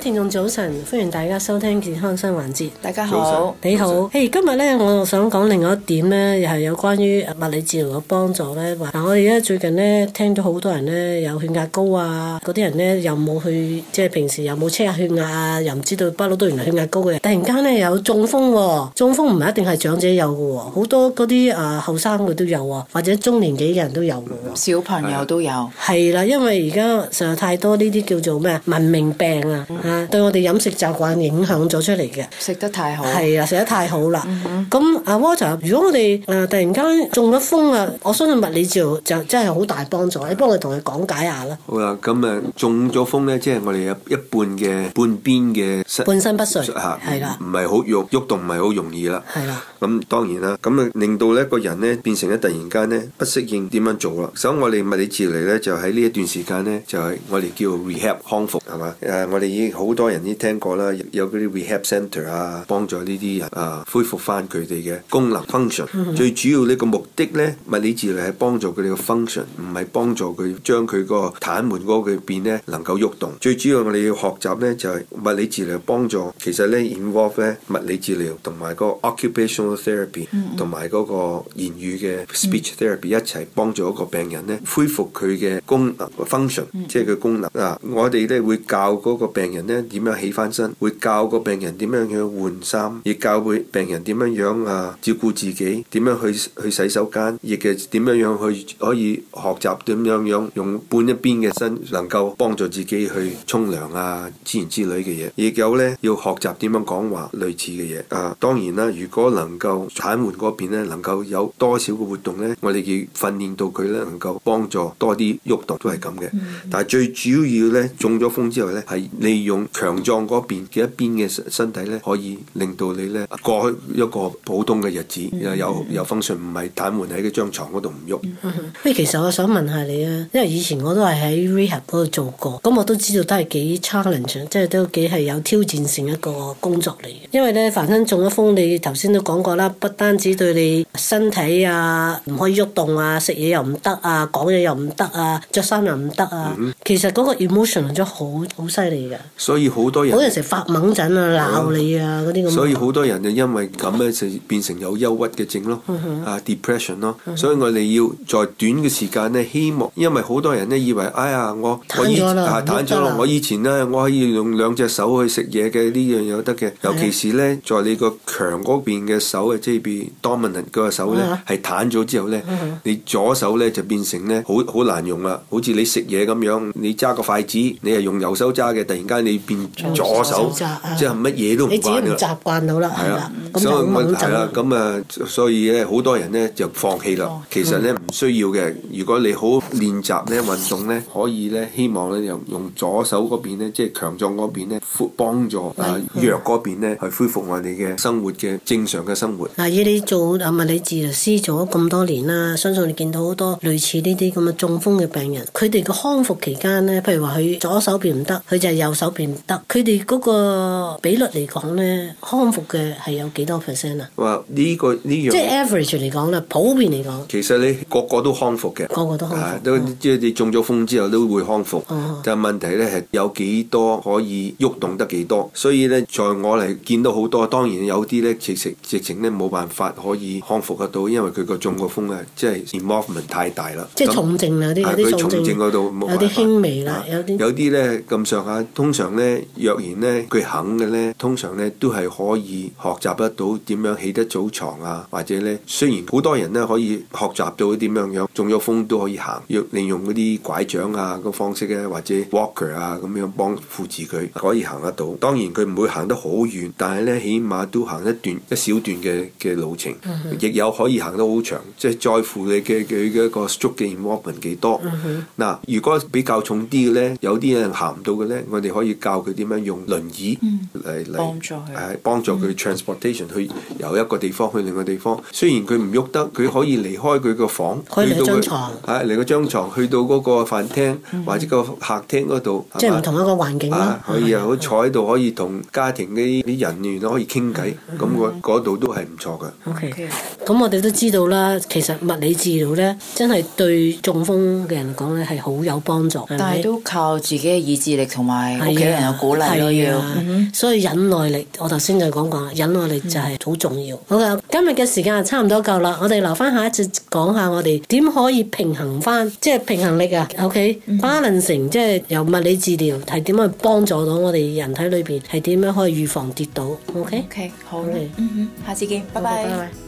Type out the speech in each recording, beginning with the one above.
聽眾早晨，歡迎大家收聽健康新環節。大家好，你好。誒，hey, 今日咧，我又想講另外一點咧，又係有關於物理治療嘅幫助咧。話嗱，我而家最近咧，聽咗好多人咧有血壓高啊，嗰啲人咧又冇去，即係平時又冇 check 下血壓啊，又唔知道不嬲都原來血壓高嘅，突然間咧有中風啊。中風唔係一定係長者有嘅，好多嗰啲誒後生嘅都有啊，或者中年幾嘅人都有嘅啊。小朋友都有。係啦，因為而家實在太多呢啲叫做咩啊，文明病啊。嗯對我哋飲食習慣影響咗出嚟嘅，食得太好，係啊，食得太好啦。咁、嗯、阿、嗯、Water，如果我哋誒、呃、突然間中咗風啊，我相信物理治療就，就真係好大幫助。你幫我同佢講解下啦。好啦，咁啊，中咗風咧，即係我哋有一半嘅半邊嘅半身不遂吓，係啦，唔係好喐喐動，唔係好容易啦，係啦。咁當然啦，咁啊令到呢個人咧變成咧突然間咧不適應點樣做啦。所以我哋物理治療咧就喺呢一段時間咧就係我哋叫 rehab 康復係嘛誒，我哋已經。好多人呢聽過啦，有啲 rehab center 啊，幫助呢啲人啊、呃、恢復翻佢哋嘅功能 function。Mm-hmm. 最主要呢個目的咧，物理治療係幫助佢哋嘅 function，唔係幫助佢將佢個癱瘓個個邊咧能夠喐動，最主要我哋要學習咧就係、是、物理治療幫助，其實咧 involve 咧物理治療同埋個 occupational therapy 同埋、mm-hmm. 個言語嘅 speech therapy、mm-hmm. 一齊幫助一個病人咧恢復佢嘅功能 function，、mm-hmm. 即係佢功能啊、呃。我哋咧會教個病人。點樣起翻身，會教個病人點樣去換衫，亦教會病人點樣樣啊照顧自己，點樣去去洗手間，亦嘅點樣樣去可以學習點樣樣用半一邊嘅身，能夠幫助自己去沖涼啊，自然之類嘅嘢，亦有呢，要學習點樣講話類似嘅嘢啊。當然啦，如果能夠癱瘓嗰邊呢，能夠有多少嘅活動呢？我哋要訓練到佢呢，能夠幫助多啲喐動，動都係咁嘅。但係最主要呢，中咗風之後呢，係利用。強壯嗰邊嘅一邊嘅身身體咧，可以令到你咧過去一個普通嘅日子有。又又功能唔係癱瘓喺嗰張床嗰度唔喐。其實我想問下你啊，因為以前我都係喺 rehab 嗰度做過，咁我都知道都係幾 challenge，即係都幾係有挑戰性的一個工作嚟嘅。因為咧凡身中咗風，你頭先都講過啦，不單止對你身體啊唔可以喐動，動啊，食嘢又唔得啊，講嘢又唔得啊，着衫又唔得啊、嗯。其實嗰個 emotional 都好好犀利嘅。所以好多人，啊啊啊、所以好多人就因為咁呢就變成有憂鬱嘅症咯、嗯啊、depression 咯、嗯、所以我哋要在短嘅時間咧，希望，因為好多人呢以為，哎呀，我癱咗我以前，我，以前呢我可以用兩隻手去食嘢嘅呢樣嘢得嘅，尤其是呢在你個強嗰邊嘅手嘅即係 dominant 嗰手呢、嗯、是係、啊、癱咗之後呢、嗯、你左手咧就變成咧好，好難用啦，好似你食嘢咁樣，你揸個筷子，嗯、你係用右手揸嘅，突然間你變左手，嗯手啊、即係乜嘢都唔慣啦。你自己唔習慣到啦，係咪？咁、啊嗯、就係啦。咁啊、嗯，所以咧，好多人咧就放棄啦。其實咧唔、嗯、需要嘅。如果你好好練習咧，運動咧，可以咧，希望咧，用用左手嗰邊咧，即係強壯嗰邊咧，幫助啊弱嗰邊咧，去恢復我哋嘅生活嘅正常嘅生活。嗱，以、嗯、你做啊物理治療師做咗咁多年啦，相信你見到好多類似呢啲咁嘅中風嘅病人，佢哋嘅康復期間咧，譬如話佢左手邊唔得，佢就係右手。佢哋嗰個比率嚟講咧，康復嘅係有幾多 percent 啊？話呢、這個呢樣、這個、即係 average 嚟講啦，普遍嚟講。其實你個個都康復嘅，個個都康復，都、啊啊啊、即係你中咗風之後都會康復。哦、啊，但係問題咧係有幾多可以喐動得幾多、啊？所以咧，在我嚟見到好多，當然有啲咧，其實直情咧冇辦法可以康復得到，因為佢個中個風咧、嗯，即係 involvement 太大啦。即係重症嗰啲、啊，有啲重症度有啲輕微啦、啊，有啲有啲咧咁上下，通常。咧，若然咧佢肯嘅咧，通常咧都係可以學習得到點樣起得早床啊，或者咧雖然好多人咧可以學習到點樣樣，中咗風都可以行，要利用嗰啲拐杖啊個方式咧，或者 walker 啊咁樣幫輔助佢可以行得到。當然佢唔會行得好遠，但係咧起碼都行一段一小段嘅嘅路程，亦、mm -hmm. 有可以行得好長，即係在乎你嘅佢嘅一個 stroke 嘅 involvement 幾多。嗱、mm -hmm.，如果比較重啲嘅咧，有啲人行唔到嘅咧，我哋可以。教佢點樣用輪椅嚟嚟幫助佢、啊，幫助佢 transportation 去、嗯、由一個地方去另外一個地方。雖然佢唔喐得，佢可以離開佢個房佢可以離開張床，去到張床，啊，嚟個張牀去到嗰個飯廳、嗯、或者個客廳嗰度，即係唔同一個環境咯。啊、坐喺度可以又好彩到可以同家庭嗰啲人員都可以傾偈，咁嗰度都係唔錯嘅。O K，咁我哋都知道啦，其實物理治療咧真係對中風嘅人嚟講咧係好有幫助，但係都靠自己嘅意志力同埋、OK。嗯人鼓勵有，嗯、所以忍耐力，我頭先就講過啦，忍耐力就係好重要。嗯、好嘅，今日嘅時間差唔多夠啦，我哋留翻下一次講一下我哋點可以平衡翻，即、就、係、是、平衡力啊。O K，Balance 即係有物理治療係點去幫助到我哋人體裏面係點樣可以預防跌倒。O K，O K，好，嗯、okay. 下次見，拜拜。Bye bye bye bye bye.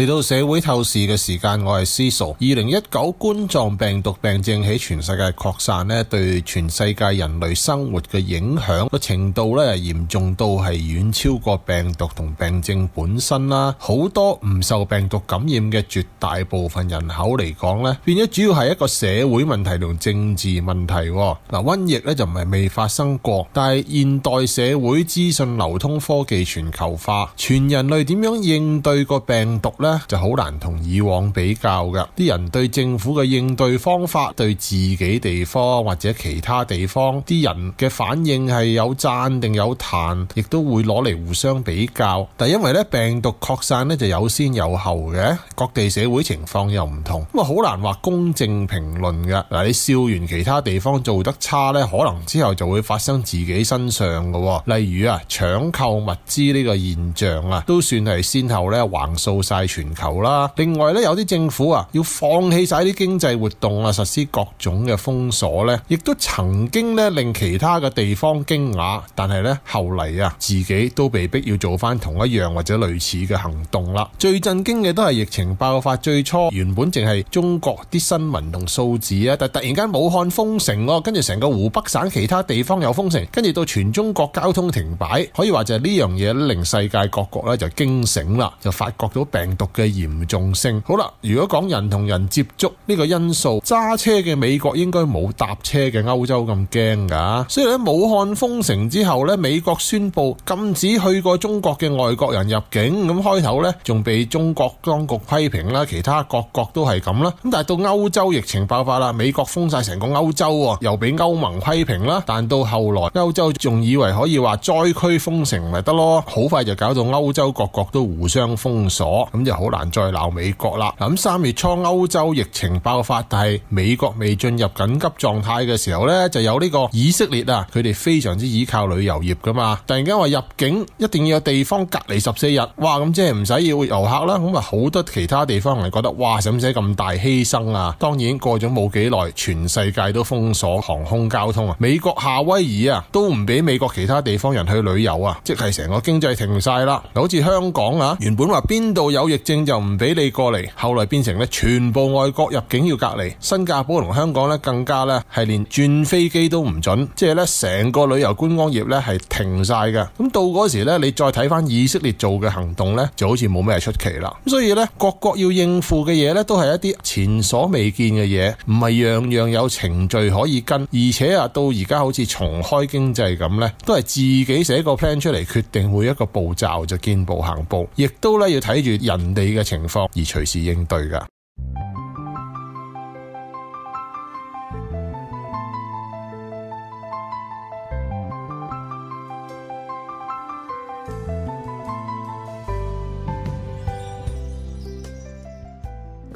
嚟到社會透視嘅時間，我係思熟。二零一九冠狀病毒病症喺全世界擴散咧，對全世界人類生活嘅影響個程度咧，嚴重到係遠超過病毒同病症本身啦。好多唔受病毒感染嘅絕大部分人口嚟講咧，變咗主要係一個社會問題同政治問題。嗱，瘟疫咧就唔係未發生過，但係現代社會資訊流通、科技全球化，全人類點樣應對個病毒呢？就好難同以往比較噶啲人對政府嘅應對方法，對自己地方或者其他地方啲人嘅反應係有讚定有彈，亦都會攞嚟互相比較。但因為咧病毒擴散咧就有先有後嘅，各地社會情況又唔同，咁好難話公正評論㗎。嗱，你笑完其他地方做得差咧，可能之後就會發生自己身上喎。例如啊搶購物資呢個現象啊，都算係先後咧橫掃晒全球啦，另外咧有啲政府啊要放棄晒啲經濟活動啊，實施各種嘅封鎖咧，亦都曾經咧令其他嘅地方驚訝，但係咧後嚟啊自己都被逼要做翻同一樣或者類似嘅行動啦。最震驚嘅都係疫情爆發最初，原本淨係中國啲新聞同數字啊，但突然間武漢封城咯，跟住成個湖北省其他地方有封城，跟住到全中國交通停擺，可以話就係呢樣嘢令世界各國咧就驚醒啦，就發覺到病毒嘅嚴重性，好啦，如果講人同人接觸呢個因素，揸車嘅美國應該冇搭車嘅歐洲咁驚㗎，所以咧，武漢封城之後咧，美國宣布禁止去過中國嘅外國人入境，咁開頭咧仲被中國當局批評啦，其他各國都係咁啦，咁但係到歐洲疫情爆發啦，美國封晒成個歐洲喎，又俾歐盟批評啦，但到後來歐洲仲以為可以話災區封城咪得咯，好快就搞到歐洲各國都互相封鎖，咁就好難再鬧美國啦！咁三月初歐洲疫情爆發，但係美國未進入緊急狀態嘅時候呢，就有呢個以色列啊，佢哋非常之倚靠旅遊業噶嘛。突然間話入境一定要有地方隔離十四日，哇！咁即係唔使要遊客啦。咁啊，好多其他地方人覺得哇，使唔使咁大犧牲啊？當然過咗冇幾耐，全世界都封鎖航空交通啊。美國夏威夷啊，都唔俾美國其他地方人去旅遊啊，即係成個經濟停晒啦。好似香港啊，原本話邊度有疫情。正就唔俾你過嚟，後來變成咧全部外國入境要隔離，新加坡同香港咧更加咧係連轉飛機都唔准，即係咧成個旅遊觀光業咧係停晒㗎。咁到嗰時咧，你再睇翻以色列做嘅行動咧，就好似冇咩出奇啦。咁所以咧，各國要應付嘅嘢咧，都係一啲前所未見嘅嘢，唔係樣樣有程序可以跟，而且啊，到而家好似重開經濟咁咧，都係自己寫個 plan 出嚟，決定每一個步驟就見步行步，亦都咧要睇住人地嘅情況而隨時應對噶。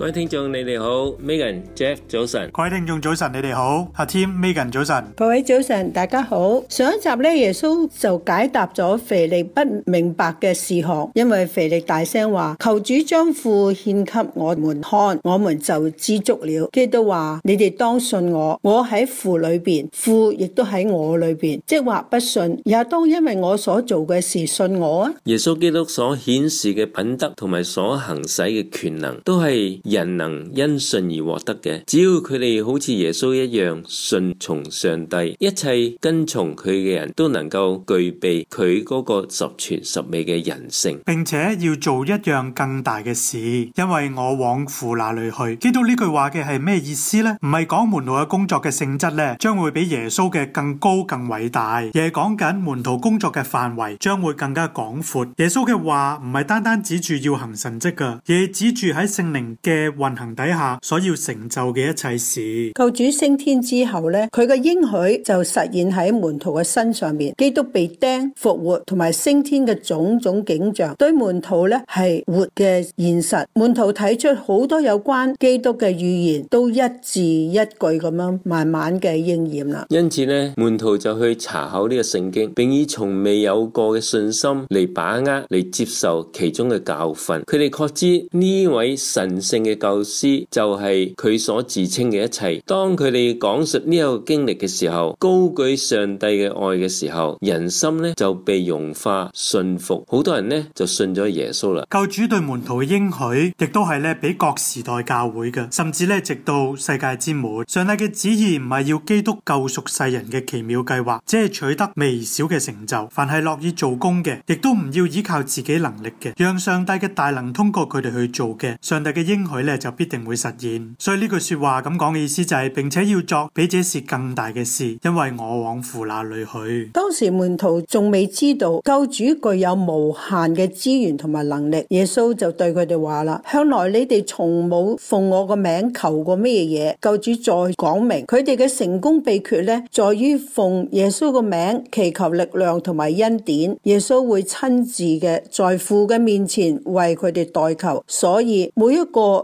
各位聽眾你哋好，Megan、Jack 早晨。各位聽眾早晨你哋好，阿 Tim Megan 早晨。各位早晨，大家好。上一集咧，耶穌就解答咗腓力不明白嘅事項，因為腓力大聲話：求主將父獻給我們看，我們就知足了。基督話：你哋當信我，我喺父裏邊，父亦都喺我裏邊。即或不信，也當因為我所做嘅事信我啊。耶穌基督所顯示嘅品德同埋所行使嘅權能，都係。人能因信而獲得嘅，只要佢哋好似耶穌一樣信從上帝，一切跟從佢嘅人都能夠具備佢嗰個十全十美嘅人性，並且要做一樣更大嘅事。因為我往父那裏去，基督呢句話嘅係咩意思咧？唔係講門徒嘅工作嘅性質咧，將會比耶穌嘅更高更偉大，而係講緊門徒工作嘅範圍將會更加廣闊。耶穌嘅話唔係單單指住要行神蹟噶，而係指住喺聖靈嘅。運行底下所要成就嘅一切事，救主升天之後咧，佢嘅應許就實現喺門徒嘅身上面。基督被釘、復活同埋升天嘅種種景象，對門徒咧係活嘅現實。門徒睇出好多有關基督嘅預言，都一字一句咁樣慢慢嘅應驗啦。因此咧，門徒就去查考呢個聖經，並以從未有過嘅信心嚟把握、嚟接受其中嘅教訓。佢哋確知呢位神聖嘅。教師就係佢所自稱嘅一切。當佢哋講述呢個經歷嘅時候，高舉上帝嘅愛嘅時候，人心咧就被融化、信服。好多人咧就信咗耶穌啦。教主對門徒嘅應許，亦都係咧俾各時代教會嘅，甚至咧直到世界之末。上帝嘅旨意唔係要基督救贖世人嘅奇妙計劃，只係取得微小嘅成就。凡係樂意做工嘅，亦都唔要依靠自己能力嘅，讓上帝嘅大能通過佢哋去做嘅。上帝嘅應許。佢咧就必定會實現，所以呢句說話咁講嘅意思就係，並且要作比這事更大嘅事，因為我往父那裏去。當時門徒仲未知道救主具有無限嘅資源同埋能力，耶穌就對佢哋話啦：向來你哋從冇奉我個名求過咩嘢。救主再講明，佢哋嘅成功秘訣呢，在於奉耶穌個名祈求力量同埋恩典，耶穌會親自嘅在父嘅面前為佢哋代求，所以每一個。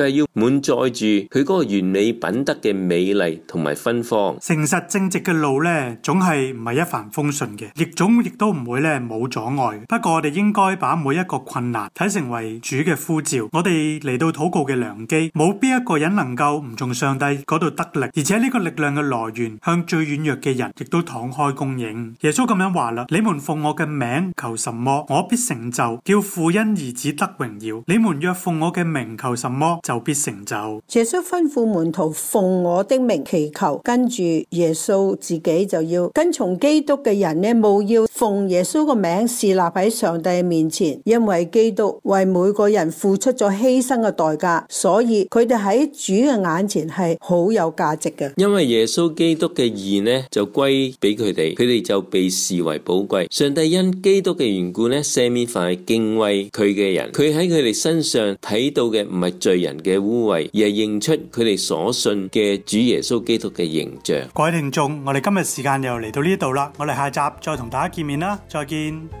係要滿載住佢嗰個完美品德嘅美麗同埋芬芳，誠實正直嘅路咧，總係唔係一帆風順嘅，亦總亦都唔會咧冇阻礙。不過我哋應該把每一個困難睇成為主嘅呼召，我哋嚟到禱告嘅良機。冇邊一個人能夠唔從上帝嗰度得力，而且呢個力量嘅來源向最軟弱嘅人亦都敞開供應。耶穌咁樣話啦：你們奉我嘅名求什麼，我必成就；叫父因兒子得榮耀。你們若奉我嘅名求什麼，就必成就。耶穌吩咐門徒奉我的名祈求，跟住耶穌自己就要跟從基督嘅人咧，冇要奉耶穌個名侍立喺上帝面前，因為基督為每個人付出咗犧牲嘅代價，所以佢哋喺主嘅眼前係好有價值嘅。因為耶穌基督嘅義咧就歸俾佢哋，佢哋就被視為寶貴。上帝因基督嘅緣故咧，赦免凡係敬畏佢嘅人，佢喺佢哋身上睇到嘅唔係罪人。嘅污穢，而係認出佢哋所信嘅主耶穌基督嘅形象。各位聽眾，我哋今日時間又嚟到呢度啦，我哋下集再同大家見面啦，再見。